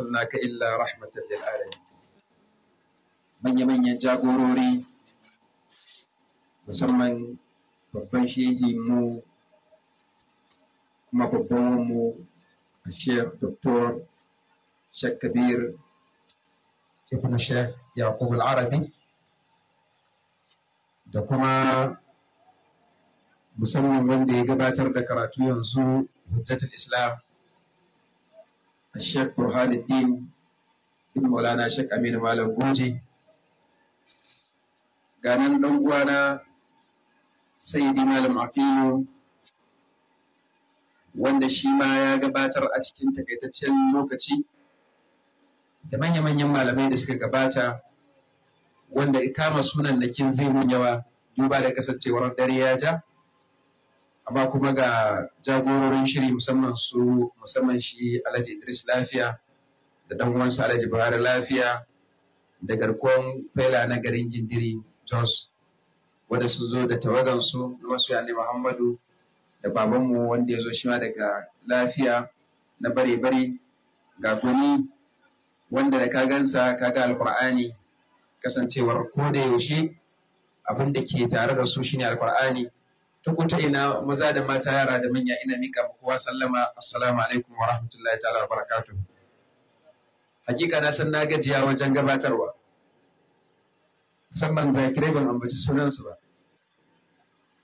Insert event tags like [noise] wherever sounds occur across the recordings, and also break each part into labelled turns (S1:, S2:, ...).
S1: arsalnaka illa rahmatan lil alamin manya manyan jagorori musamman babban shehi mu kuma babban mu Sheikh Dr. Sheikh Kabir Ibn Sheikh Yaqub Al-Arabi da kuma musamman wanda ya gabatar da karatu yanzu hujjatul Islam الشيخ برهان الدين Maulana مولانا Aminu Malam مالك Ganan nan ɗan uwana Sayyidi Malam Afiyu wanda shi ma ya gabatar a cikin takaitaccen lokaci da manya-manyan malamai da suka gabata wanda kama sunan nakin zai mun yawa duba da kasancewar dare ya ja amma kuma ga jagororin shiri musamman su musamman shi alhaji idris lafiya da dan uwansa alhaji buhari lafiya da garkuwan faila na garin gindiri jos wanda sun zo da tawagansu na wasu yanni muhammadu da babanmu wanda ya zo shi daga lafiya na bare-bare ga guni wanda da ka gansa ka ga alkur'ani kasancewar ko da yaushe abin da ke tare da su shine alkur'ani ta ina maza da mata yara da manya ina mika muku kowa sallama assalamu alaikum wa rahmatullahi ta'ala wa barakatuh hakika na san na gajiya wajen gabatarwa musamman zakire ban ambaci sunansu ba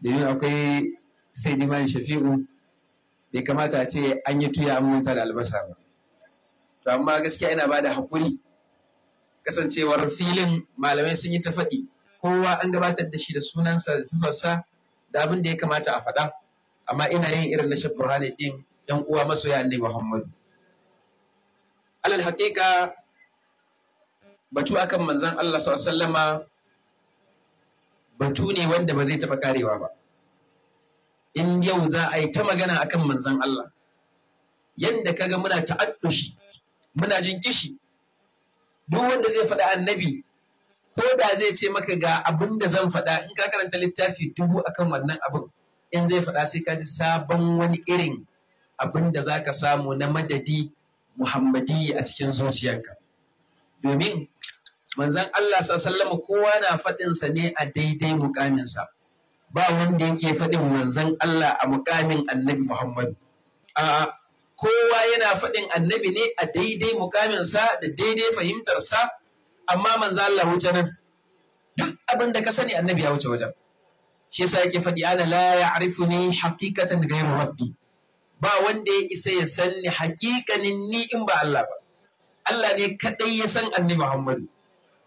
S1: domin akwai sai diman shafi'u bai kamata a ce an yi tuya an da albasa ba to amma gaskiya ina ba da haƙuri kasancewar filin malamai sun yi ta faɗi kowa an gabatar da shi da sunansa da sifarsa da abin da ya kamata a faɗa amma ina yin irin na shafi burhani ɗin yan uwa masoya ne Muhammadu alal haƙiƙa batu akan manzon Allah sallama batu ne wanda ba zai taɓa ƙarewa ba in yau za a yi ta magana akan manzon Allah yanda kaga muna ta'addushi muna jin kishi duk wanda zai faɗi annabi ko da zai ce maka ga abin da zan faɗa in ka karanta littafi dubu akan wannan abin in zai faɗa sai ka ji sabon wani irin abin da za ka samu na madadi muhammadi a cikin zuciyarka domin manzan Allah sallama kowa na faɗinsa ne a daidai mukaminsa ba wanda yake faɗin manzan Allah a mukamin annabi Muhammadu a kowa yana faɗin annabi ne a daidai mukaminsa da daidai fahimtarsa amma manzo Allah wuce nan duk abin da ka sani annabi ya wuce wajen shi yasa yake faɗi ana la ya'rifuni haqiqatan ghayru rabbi ba wanda ya isa ya sanni haqiqanin ni in ba Allah ba Allah ne kadai ya san annabi Muhammadu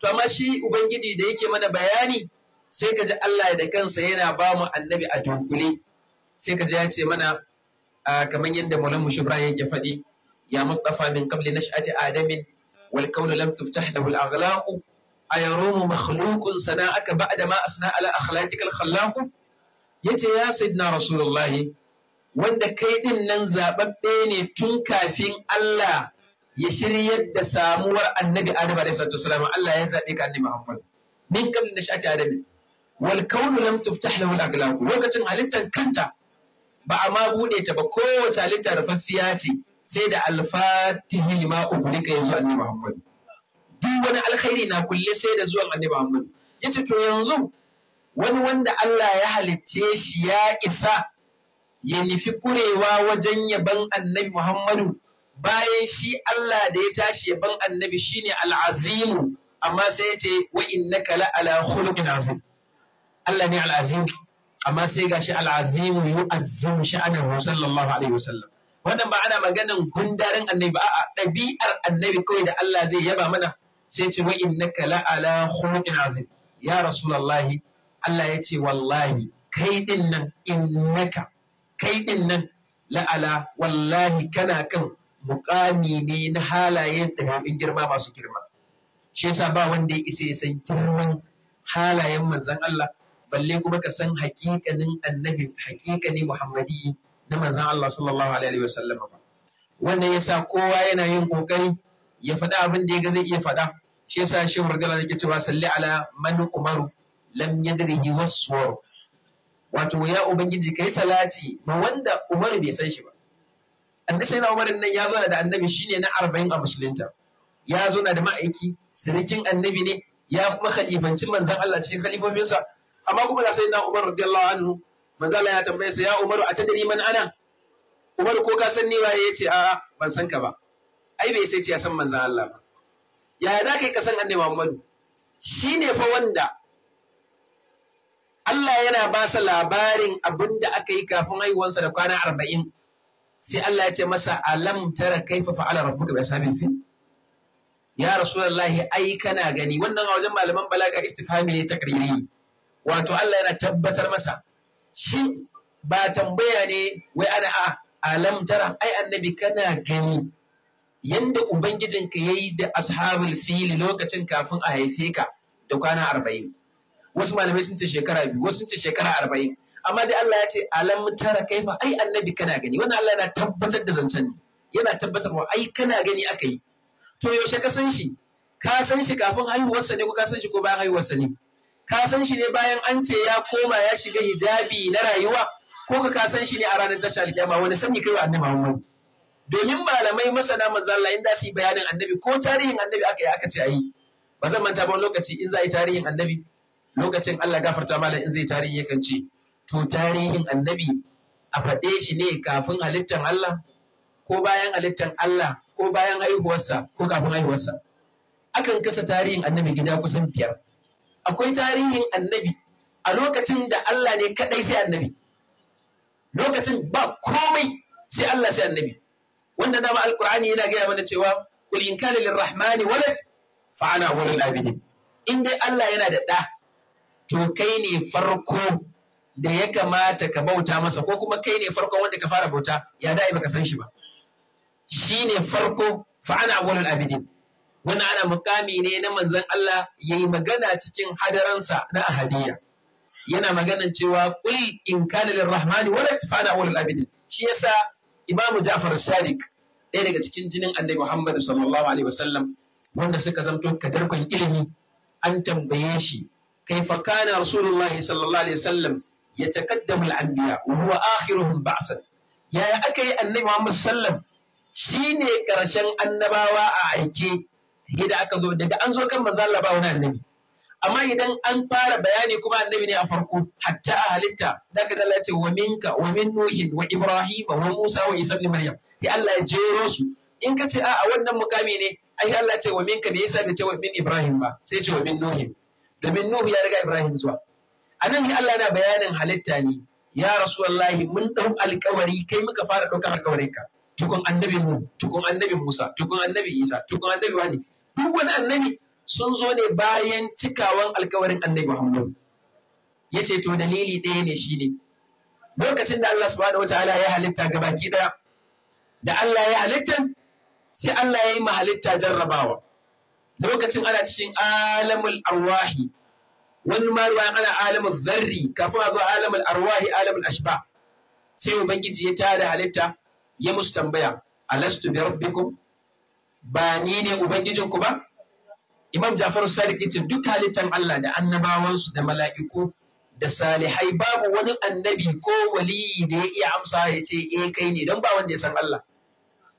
S1: to amma shi ubangiji da yake mana bayani sai ka ji Allah da kansa yana ba mu annabi a dunkule sai ka ji ya ce mana ah, kamar yadda Maulana Mushibra yake faɗi ya Mustafa min qabli nash'ati Adamin wal qawlu lam tuftah lahu al aghlaq ayarumu makhluqun sana'aka ba'da dama asna ala akhlaqika al khallaq yace ya sayyidina rasulullahi wanda kai din nan zababbe ne tun kafin Allah ya shiryar da samuwar annabi Adam alaihi salatu Allah ya zabe ka annabi Muhammad min kam da shi Adam wal kaunu lam tuftah lahu al aglaq lokacin halittar kanta ba a ma buɗe ta ba kowace halitta rufaffiya ce sai da alfatihi lima ubudi ya zo annabi Muhammad duk wani alkhairi na kulle sai da zuwan annabi Muhammad yace to yanzu wani wanda Allah ya halicce shi ya isa ya nifi kurewa wajen yaban annabi Muhammadu bayan shi Allah da ya tashi yaban annabi shine al'azimu amma sai ya ce wa innaka la ala khuluqin azim Allah ne al-azim amma sai gashi al'azimu yu'azzimu sha'anahu sallallahu alaihi wasallam wannan ba ana maganan gundarin annabi ba a'a ɗabi'ar annabi kawai da Allah zai yaba mana sai ce wa innaka la'ala khuluqin azim ya rasulullahi Allah ya ce wallahi kai din nan innaka kai din nan la'ala wallahi kana kan mukami ne na halayen ɗabi'un girma masu girma shi yasa ba wanda ya isa ya san girman halayen manzon Allah balle kuma ka san hakikanin annabi hakikani muhammadi na manzan Allah sallallahu alaihi wasallam ba wannan yasa kowa yana yin kokari ya faɗa abin da ya ga zai iya faɗa shi yasa shi murgala yake cewa salli ala man umaru lam yadrihi waswar wato ya ubangiji kai salati ma wanda umaru bai san shi ba annabi sai na umarin nan ya zo da annabi shine na 40 a musulunta ya zo da ma'aiki sirikin annabi ne ya kuma khalifancin manzan Allah cikin khalifofinsa amma kuma sai na Umar radiyallahu anhu Manzala ya tambaye sa ya Umaru a tadari man ana Umaru ko ka san ni waye yace a ban san ka ba ai bai sai ce ya san manzan Allah ba yaya da kai ka san annabi Muhammadu shine fa wanda Allah yana ba sa labarin abin da aka yi kafin haihuwarsa da kwana arba'in sai Allah ya ce masa alam tara kaifa fa'ala rabbuka bi ashabil fil ya rasulullahi ai kana gani wannan a wajen malaman balaga istifhami ne takriri wato Allah yana tabbatar masa shi ba tambaya ne wai ana a alam ai annabi kana gani yanda ubangijinka yayi da ashabul fili lokacin kafin a haife ka da kwana arba'in wasu malamai sun ce shekara biyu wasu sun ce shekara arba'in amma dai Allah ya ce alam tara kaifa ai annabi kana gani wannan Allah yana tabbatar da zancen ne yana wa ai kana gani aka yi to yaushe ka san shi ka san shi kafin haihuwarsa ne ko ka san shi ko bayan haihuwarsa ne ka san shi ne bayan an ce ya koma ya shiga hijabi na rayuwa ko ka ka san shi ne a ranar tashar alkiyama wani sani kai wa annabi Muhammad domin malamai masana manzo Allah in su yi bayanin annabi ko tarihin annabi aka yi aka ce ayi ba zan manta ba lokaci in za a yi tarihin annabi lokacin Allah gafarta malam in zai tarihi yakan ce to tarihin annabi a faɗe shi ne kafin halittan Allah ko bayan halittan Allah ko bayan haihuwarsa ko kafin haihuwarsa akan kasa tarihin annabi gida kusan biyar akwai tarihin annabi a lokacin da Allah ne kadai sai annabi lokacin ba komai sai Allah sai annabi wanda dama alqur'ani yana gaya mana cewa kul in kana lirrahmani walad fa ana walul abidin in dai Allah yana da da to kai ne farko da ya kamata ka bauta masa ko kuma kai ne farko wanda ka fara bauta ya da'i baka san shi ba shine farko fa ana walul abidin Wani ana mukami ne na manzon Allah yayi magana cikin hadaransa na ahadiyya yana maganan cewa kul in kana lirrahmani wala tifana wal abidin shi yasa Imam Ja'far Sadiq ɗaya daga cikin jinin Annabi Muhammad sallallahu alaihi wasallam wanda suka zamto kadarkon ilimi an tambaye shi kaifa kana rasulullahi sallallahu alaihi wasallam يتقدم الأنبياء وهو آخرهم بعثا يا Yaya aka yi صلى الله عليه وسلم شيني كرشن النباوة yadda aka zo daga an zo kan maza Allah wani annabi amma idan an fara bayani kuma annabi ne a farko hatta a halitta da ka Allah ce wa minka wa min nuhin wa ibrahim wa musa wa isa ibn maryam ya Allah ya jero su in ka ce a wannan mukami ne ai Allah ce wa minka me yasa bai ce wa min ibrahim ba sai ce wa min nuhin domin nuhu ya riga ibrahim zuwa anan ya Allah na bayanin halitta ne ya rasu wallahi mun dau alkawari kai muka fara ɗaukar alƙawarin ka tukun annabi mu tukun annabi musa tukun annabi isa tukun annabi wani duk wani annabi sun zo ne bayan cikawan alkawarin annabi Muhammad ya ce to dalili ɗaya ne shine lokacin da Allah subhanahu wataala ya halitta gabaki ɗaya da Allah ya halitta sai Allah ya yi mahalitta jarrabawa lokacin ana cikin alamul arwahi wani ma ana alamul zarri kafin a zo alamul arwahi alamul ashba sai ubangiji ya tada halitta ya musu tambaya alastu bi rabbikum ba ni ne ubangijinku ba imam Jafaru sadiq yace duk halittar Allah da annabawansu da mala'iku da salihai babu wani annabi ko wali da ya iya amsa ya ce eh kai ne don ba wanda ya san Allah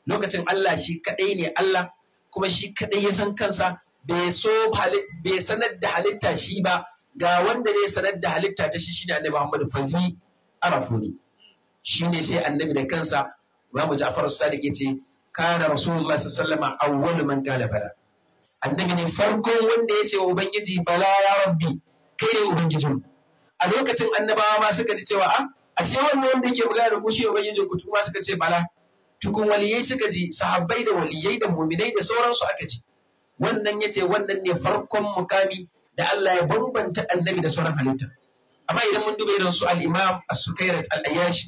S1: lokacin Allah shi kadai ne Allah kuma shi kadai ya san kansa bai so bai sanar da halitta shi ba ga wanda ne sanar da halitta ta shi shine annabi Muhammad fazi arafuni shine sai annabi da kansa Imam Ja'far Sadiq yace kana rasulullah sallallahu alaihi awwal man kala bala annabi ne farkon wanda ya ce wa ubangiji bala ya rabbi kai ne ubangijin a lokacin annabawa ma suka ji cewa a ah, ashe wannan wanda yake magana da ku shi ubangijin ku tuma suka ce bala tukun waliyai suka ji sahabbai da waliyai da muminai da sauransu aka ji wannan ya ce wannan ne farkon mukami da Allah ya bambanta annabi da sauran halitta amma idan mun duba irin su al-imam as-sukairat al ayyash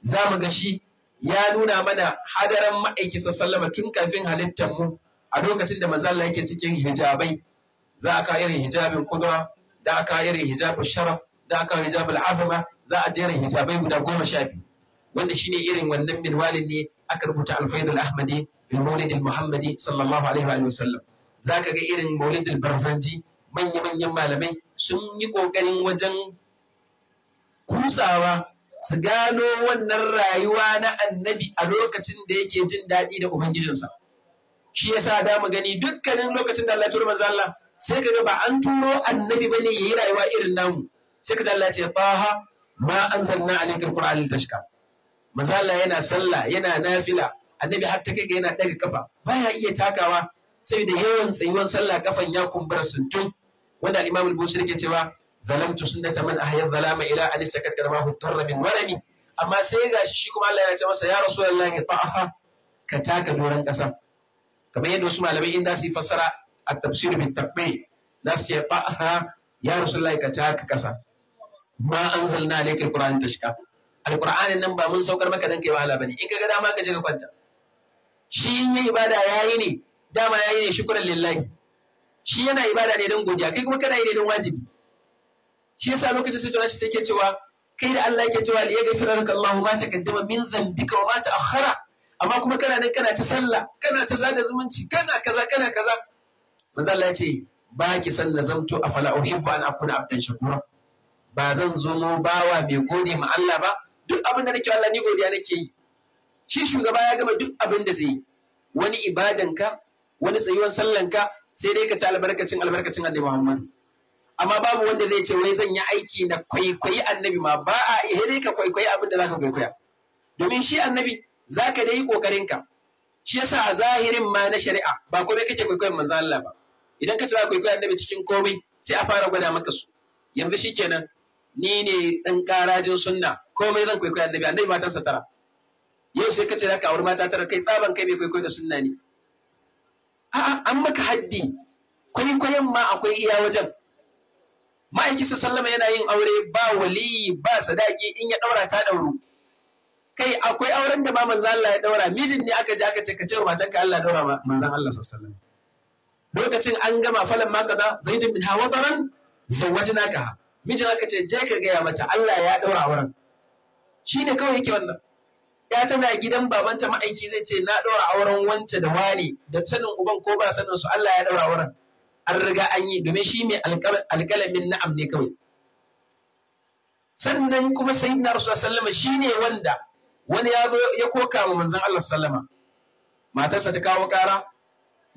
S1: za mu ga shi ya nuna mana hadaran ma'aiki sallama tun kafin halittar mu a lokacin da mazalla yake cikin hijabai za a ka irin hijabin kudura da aka irin hijabin sharaf da aka hijabin azama za a jera hijabai guda goma sha biyu wanda shine irin wannan walin ne aka rubuta alfaidul ahmadi bin maulid muhammadi sallallahu alaihi wa sallam Za ka ga irin maulid barzanji manya manyan malamai sun yi ƙoƙarin wajen kusawa su gano wannan rayuwa na annabi a lokacin da yake jin daɗi da ubangijinsa shi yasa da mu gani dukkanin lokacin da Allah ya turo manzo Allah sai ka ga ba an turo annabi ba ya yayi rayuwa irin namu sai ka Allah ce taha ma anzalna alayka alquran litashqa manzo Allah yana sallah yana nafila annabi har ta kai yana daga kafa baya iya takawa sai da yawan tsayuwan sallah kafan ya kumbura tun wanda al-imam al-busiri ke cewa zalamtu sunnata man ahya zalama ila an istakat karma hutarra min walami amma sai gashi shi kuma Allah ya ce masa ya rasulullahi fa'afa ka taka doron kasa kamar yadda wasu malamai in da su fassara a tafsir bi tabbi da su ce fa'afa ya rasulullahi ka taka kasa ma anzalna alayka alquran tashka alqur'anin nan ba mun saukar maka dan kai wahala bane in ka ga dama ka je ka kwanta shi in yi ibada yayi ne dama yayi ne shukran lillahi shi yana ibada ne don godiya kai kuma kana yi ne don wajibi shi yasa lokacin sai tunashi take cewa kai da Allah yake cewa ya gafira ka Allah ma kaddama min dhanbika wa ma hara? amma kuma kana nan kana ta sallah kana ta sada zumunci kana kaza kana kaza manzo Allah ya ce ba ki san lazamtu afala uhibbu an akuna abdan shakura ba zan zo mu bawa mai gode ma Allah ba duk abin da nake Allah ni godiya nake yi shi shugaba ya gama duk abin da zai yi wani ibadanka wani tsayuwar sallanka sai dai ka ci albarkacin albarkacin annabi Muhammad amma babu wanda zai ce wai zan yi aiki na kwaikwayi annabi ma ba a ihiri ka kwaikwayi abin da zaka kwaikwaya domin shi annabi zaka dai yi kokarin ka shi yasa a zahirin ma na shari'a ba komai kake kwaikwayon manzo Allah ba idan ka ce za kwaikwayi annabi cikin komai sai a fara gwada maka su yanzu shikenan ni ne dan karajin sunna komai zan kwaikwayi annabi annabi sa tara yau sai ka ce zaka auri mata tara kai tsaban kai mai kwaikwayo da sunna ne a'a an maka haddi kwaikwayon ma akwai iya wajen ma'aikin su sallama yana yin aure ba wali ba sadaki in ya daura ta dauro kai akwai auren da ba manzan Allah ya daura mijin ne aka je aka ce ka ce matanka Allah daura ba manzan Allah sallallahu lokacin an gama falan ma kaza zaidun bin hawadaran zawajnaka mijin aka ce je ka gaya mata Allah ya daura auren shine kawai yake wannan ya tana gidan babanta ma'aiki zai ce na ɗaura auren wance da wani da sanin uban ko ba sanin su Allah ya ɗaura auren an riga an yi domin shi ne alƙalamin na'am ne kawai sannan kuma na rasul sallama shi ne wanda wani ya ya koka ma manzan Allah sallama matarsa ta kawo ƙara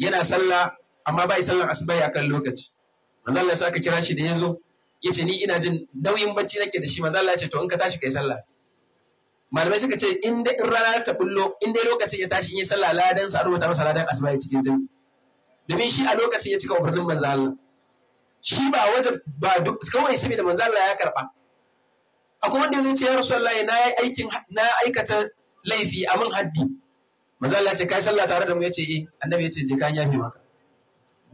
S1: yana sallah amma bai sallar a kan lokaci manzan Allah ya aka kira shi da yazo ce ni ina jin nauyin bacci nake da shi manzon Allah ya ce to in ka tashi kai sallah malamai suka ce in in rana ta bullo in dai lokacin ya tashi in yi sallah ladan sa rubuta masa ladan asibai cikin jami'i domin shi a lokacin ya cika umarnin manzo Allah shi ba wajen ba duk kawai saboda manzo Allah ya karba akwai wanda zai ce ya rasulullahi na yi aikin na aikata laifi a mun haddi manzo Allah ce kai sallah tare da mu yace eh annabi yace je kan yafi maka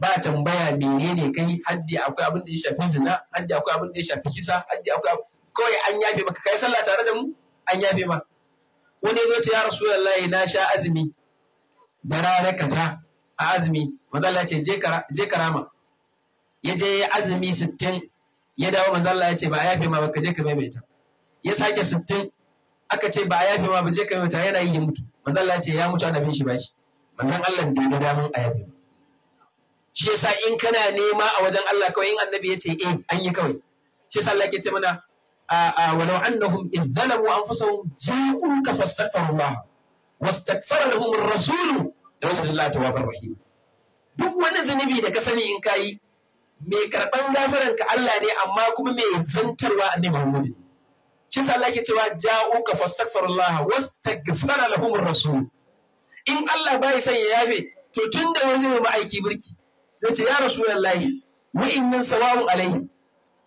S1: ba tambaya menene kai haddi akwai abin da ya shafi zina haddi akwai abin da ya shafi kisa haddi akwai kawai an yafe maka kai sallah tare da mu an yafe maka. wani ya ce ya rasulullahi na sha azumi da rana a azumi manzala ce je karama ya je ya azumi sittin ya dawo manzala ya ce ba a yafe ma ba ka je ka maimaita ya sake sittin aka ce ba a yafe ma ba je ka maimaita yana yi mutu manzala ya ce ya mutu ana bin shi bashi san Allah bai da daman a yafe shi yasa in kana nema a wajen Allah kawai in annabi ya ce eh an yi kawai shi yasa Allah ke ce mana walau annahum إذ anfusahum ja'u ka fastaghfirullah wastaghfara lahum ar-rasul da wasu Allah tawwabar rahim duk wani zunubi da ka sani in kayi mai karɓan gafaran ka Allah ne amma kuma mai zantarwa annabi wuri shi sa Allah ke cewa ja'uka fastaghfirullah wastaghfara lahum rasul in Allah ba son ya yafe to tun da wani zai ma'aiki birki zai ce ya rasulullahi wa innan sawa'un alaihi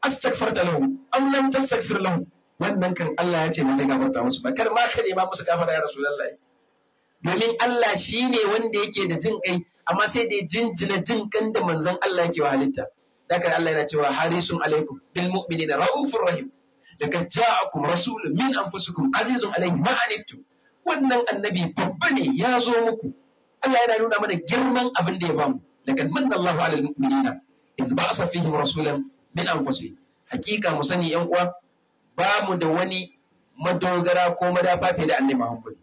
S1: astaghfarta lahu am lam tastaghfir lahu wannan kan Allah ya ce ba zai gafarta musu ba kar ma ka nema musu gafara ya rasulullahi domin Allah shi ne wanda yake da jin kai amma sai da jinjina jin kan da manzon Allah yake wa halitta daga Allah yana cewa harisun alaikum bil mu'minina raufur rahim daga ja'akum rasulun min anfusikum azizun alaihi ma anittu wannan annabi babba ne ya zo muku Allah yana nuna mana girman abin da ya bamu lakin manna Allahu alal mu'minina idh ba'asa fihim rasulan min anfusihim hakika mu sani yan uwa ba mu da wani madogara ko madafa fiye da annabi Muhammad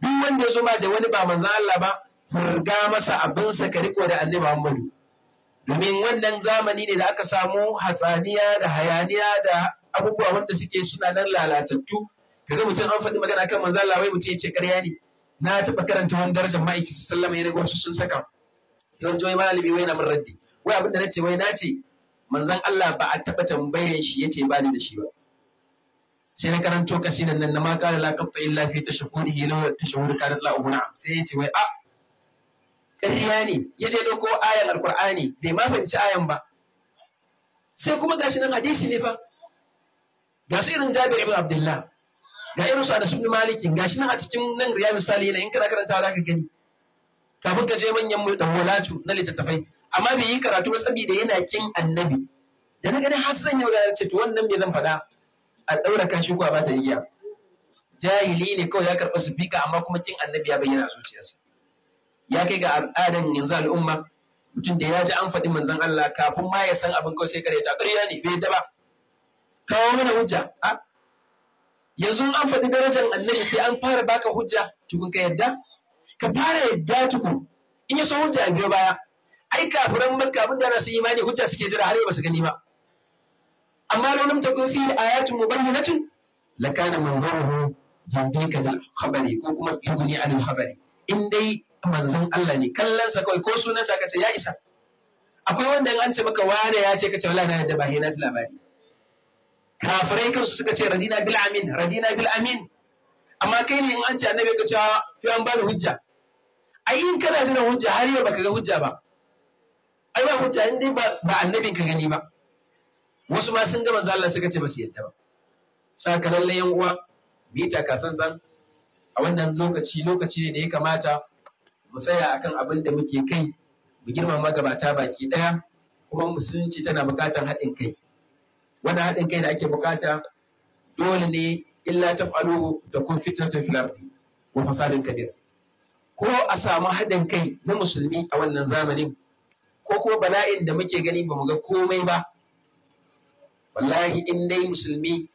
S1: duk wanda ya zo ba da wani ba manzan Allah ba furga masa sa ka riko da annabi Muhammadu domin wannan zamani ne da aka samu hatsaniya da hayaniya da abubuwa wanda suke suna nan lalatattu kaga mutum an faɗi magana kan manzan Allah wai mutum ya ce ƙarya ne na taɓa karanta wani darajar ma'aiki sallama ya su sun saka yawan joyi malami wai na min raddi wai abin da nace wai nace manzan Allah ba a taɓa tambayan shi yace ba ni da shi ba sai na karanto kasidan nan na ma kare la kaffa illa fi tashahhudihi law kare la ubuna sai ya ce wai a ah, ƙarya ne ya je doko ayan alqur'ani bai ma fahimci ayan ba sai kuma gashi nan hadisi ne fa ga su irin Jabir ibn Abdullah ga irin su Anas ibn Malik gashi nan a cikin nan misali Salihin in kana karanta za ka gani kafin ka je manyan mu walatu na littattafai amma bai yi karatu ba saboda yana kin annabi da na gani har sanya magana ce to wannan me zan faɗa a ɗaura kashi ko a ta igiya jahili ne kawai ya karɓi su bika amma kuma kin annabi ya bayyana a zuciyarsa ya kai ga al'adan yanzu al'umma mutum da ya ji an faɗi manzon Allah kafin ma ya san abin kawai sai kare ta ƙarya ne bai ba kawo mana hujja a yanzu an faɗi darajar annabi sai an fara baka hujja tukun ka yadda ka fara yadda tukun in ya so hujja a biyo baya ai kafiran makka abin da na sun imani hujja suke jira har yau ba su gani ba amma law lam takun fihi ayatun mubayyinatun lakana manzaruhu yudika da khabari ko kuma yuguni anil khabari in dai manzon Allah ne kallon sa kawai ko sunan sa kace ya isa akwai wanda in an ce maka wane ya ce kace wala na yadda ba hina ta labari kafirai kansu suka ce radina bil amin radina bil amin amma kai ne in an ce annabi ka ce ah, yau an bani hujja ai in kana jiran hujja har yau baka ga hujja ba ai ba hujja in dai ba annabin ka gani ba wasu ma sun ga manzo Allah suka ce ba su yadda ba saka lalle yan uwa bi ta ka tsantsan a wannan lokaci lokaci ne da ya kamata mu tsaya akan abin da muke kai mu girmama gabata baki daya kuma musulunci tana bukatar haɗin kai wannan haɗin kai da ake bukata dole ne illa taf'aluhu da kun fitar fil filafi wa fasadin kabir ko a samu haɗin kai na musulmi a wannan zamanin ko kuma bala'in da muke gani ba mu ga komai ba wallahi in dai musulmi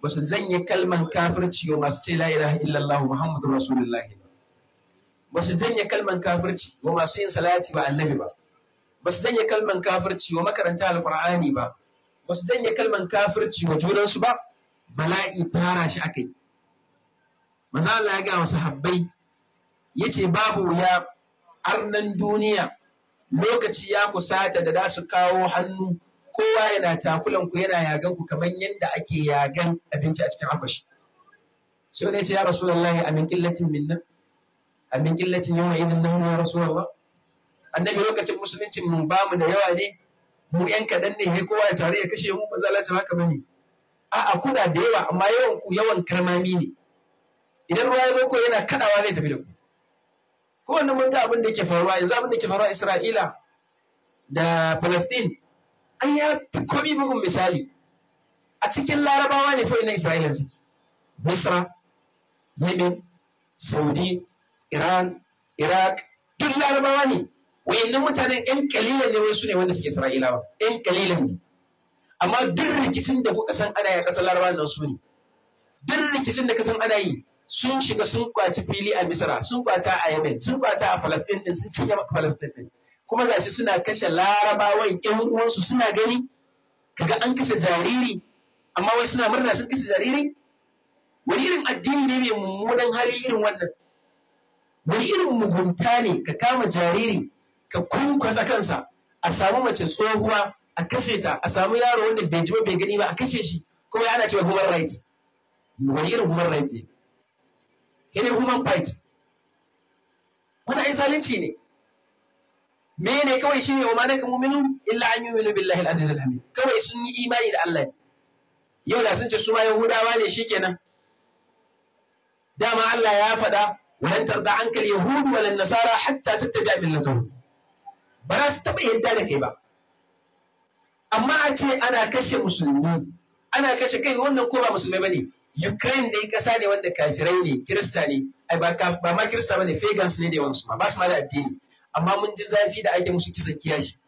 S1: ba su zanye kalmar kafirci wa masu ce la ilaha illallah muhammadu rasulullahi ba su zanye kalmar kafirci wa masu yin salati ba annabi ba ba su zanye kalmar kafirci wa makaranta alqur'ani ba ba su zanye kalmar kafirci wa junansu ba bala'i fara shi akai manzo Allah ya ga wa habbai yace babu ya arnan duniya lokaci ya kusata da za su kawo hannu kowa yana takulan ku yana yagan ku kamar yadda ake yagan abinci a cikin akwashi sai ne ce ya rasulullahi amin qillatin minna amin qillatin yawma idan nan ya rasulullah annabi lokacin musulunci mun ba mu da yawa ne mu yan kadan ne he kowa ya tare ya kashe mu ba Allah ya haka bane a'a kuna da yawa amma yawan ku yawan karmami ne idan ruwa ya zo ko yana kadawa zai tafi da ku ko wannan mun ga abin da yake faruwa yanzu abin da yake faruwa Isra'ila da Palestine an ya komi bugun misali a cikin larabawa ne na isra'ila su misra libin saudi iran iraq duk larabawa ne wayannan mutanen yan kalilan ne wasu ne wanda suke isra'ilawa yan kalilan ne amma duk rikicin da kuka san ana ya a larabawa nan su ne duk rikicin da ka san ana yi sun shiga sun kwaci fili a misra sun kwata a yemen sun kwata a falastin din sun cinye falastin din kuma shi suna kashe larabawan yan uwansu suna gani kaga an kashe jariri amma wai suna murna sun kashe jariri wani irin addini ne mai mummunan hali irin wannan wani irin mugunta ne ka kama jariri ka kunkwasa kansa a samu mace tsohuwa a kashe ta a samu yaro wanda bai ji ba bai gani ba a kashe shi kuma ya ana cewa human right wani irin human right ne ne human fight wani ai zalunci ne mene kawai shi ne wa malaka muminu illa an yu'minu billahi al-aziz kawai sun yi imani da Allah yau da sun ce su ma yahudawa ne shikenan dama Allah ya faɗa walan tarda an al Yahudu wal nasara hatta tattabi'a millatahum ba za su taɓa yadda da kai ba amma a ce ana kashe musulmi ana kashe kai wannan ko ba musulmi ba ne? Ukraine ne, ƙasa ne wanda kafirai ne Kirista ne ai ba ma Kirista ne, pagans ne da yawansu ma ba su ma da addini amma mun ji zafi da ake musu kisan kiyashi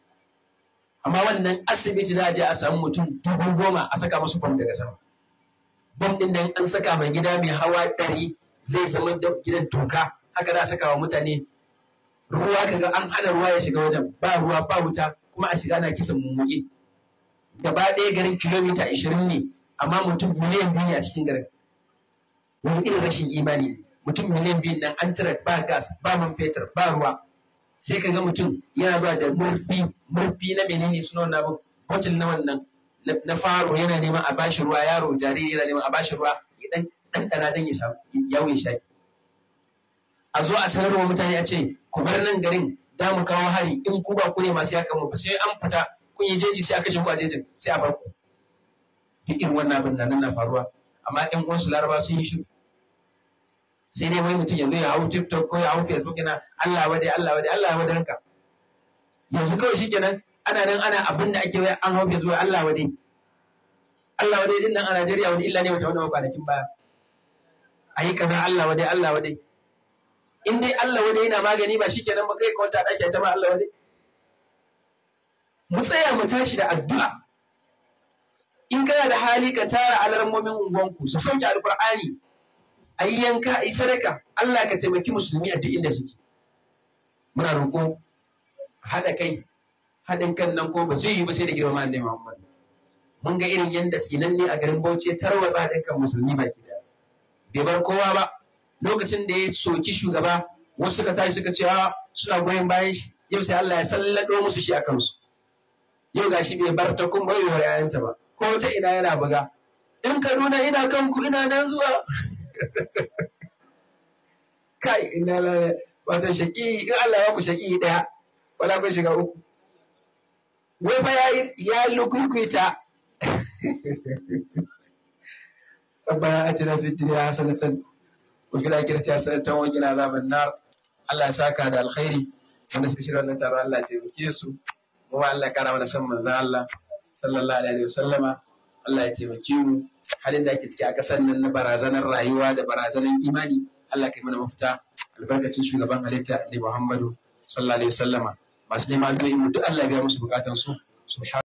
S1: amma wannan asibiti za a je a samu mutum dubu goma a saka musu bom daga sama bom din nan an saka mai gida mai hawa dari zai zama da gidan toka haka za a saka wa mutane ruwa kaga an hana ruwa ya shiga wajen ba ruwa ba wuta kuma a shiga na kisan mummuki. gaba ɗaya garin kilomita ashirin ne amma mutum miliyan biyu ne a cikin garin wani irin rashin imani mutum miliyan biyu nan an cire ba gas ba man fetur ba ruwa sai ka ga mutum yana zuwa da murfi murfi na menene suna wannan abin botin na wannan na faro yana neman a bashi ruwa yaro jariri yana neman a bashi ruwa ya dan ɗanɗana dan ya wuya shaki a zo a sanarwa mutane a ce ku bar nan garin da mu kawo hari in ku ba ku ne masu yakan mu sai an fita kun yi jeji sai aka ku a jejin sai a bar ku duk irin wannan abin nan na faruwa amma ɗan uwansu laraba sun yi shiru sai dai wai mutum yanzu ya hau tiktok ko ya hau facebook yana Allah wa dai Allah wa dai Allah dai ka yanzu kawai shikenan ana nan ana abin da ake an hau facebook Allah wa dai Allah dai din nan a Najeriya wani illa ne wata wani kwanakin baya ayi kaza Allah wa dai Allah wa dai in dai Allah wa dai yana magani ba shikenan ba kai ka wata daki a ma Allah wa dai mu tsaya mu tashi da addu'a in kana da hali ka tara alarmomin unguwanku su sauke alkur'ani ayi yanka yi sadaka Allah ka taimaki musulmi a duk inda suke muna roƙo haɗa kai haɗin kan nan ko ba zai yi ba sai da girma Annabi Muhammad mun ga irin yanda tsinan ne a garin Bauchi tarwatsa kan musulmi baki da bai bar kowa ba lokacin da ya soki shugaba wasu suka tashi suka ce suna goyon bayan shi yau sai Allah ya sallado musu shi a kansu yau gashi bai bar ta kun bai wa yayanta ba ko ta ina yana buga in Kaduna ina kanku ina nan zuwa [laughs] kai ina lalai wato shaki in Allah ya ku shaki daya wala ku shiga uku wai fa yayi ya lukukuita tabbara [laughs] a cikin fitri ya sanatan ku fi lakir ta sanatan wajen azabin nar Allah ya saka da alkhairi wanda suka shirya wannan taro Allah ya taimake su kuma Allah ya kara mana san manzan Allah sallallahu alaihi wasallama Allah ya taimake mu halin da ake ciki a ƙasar nan na barazanar rayuwa da barazanar imani Allah kai mana mafita albarkacin shugaban halitta Ali Muhammadu sallallahu alaihi wasallama masu neman addu'o'in mu duk Allah ya biya musu bukatun su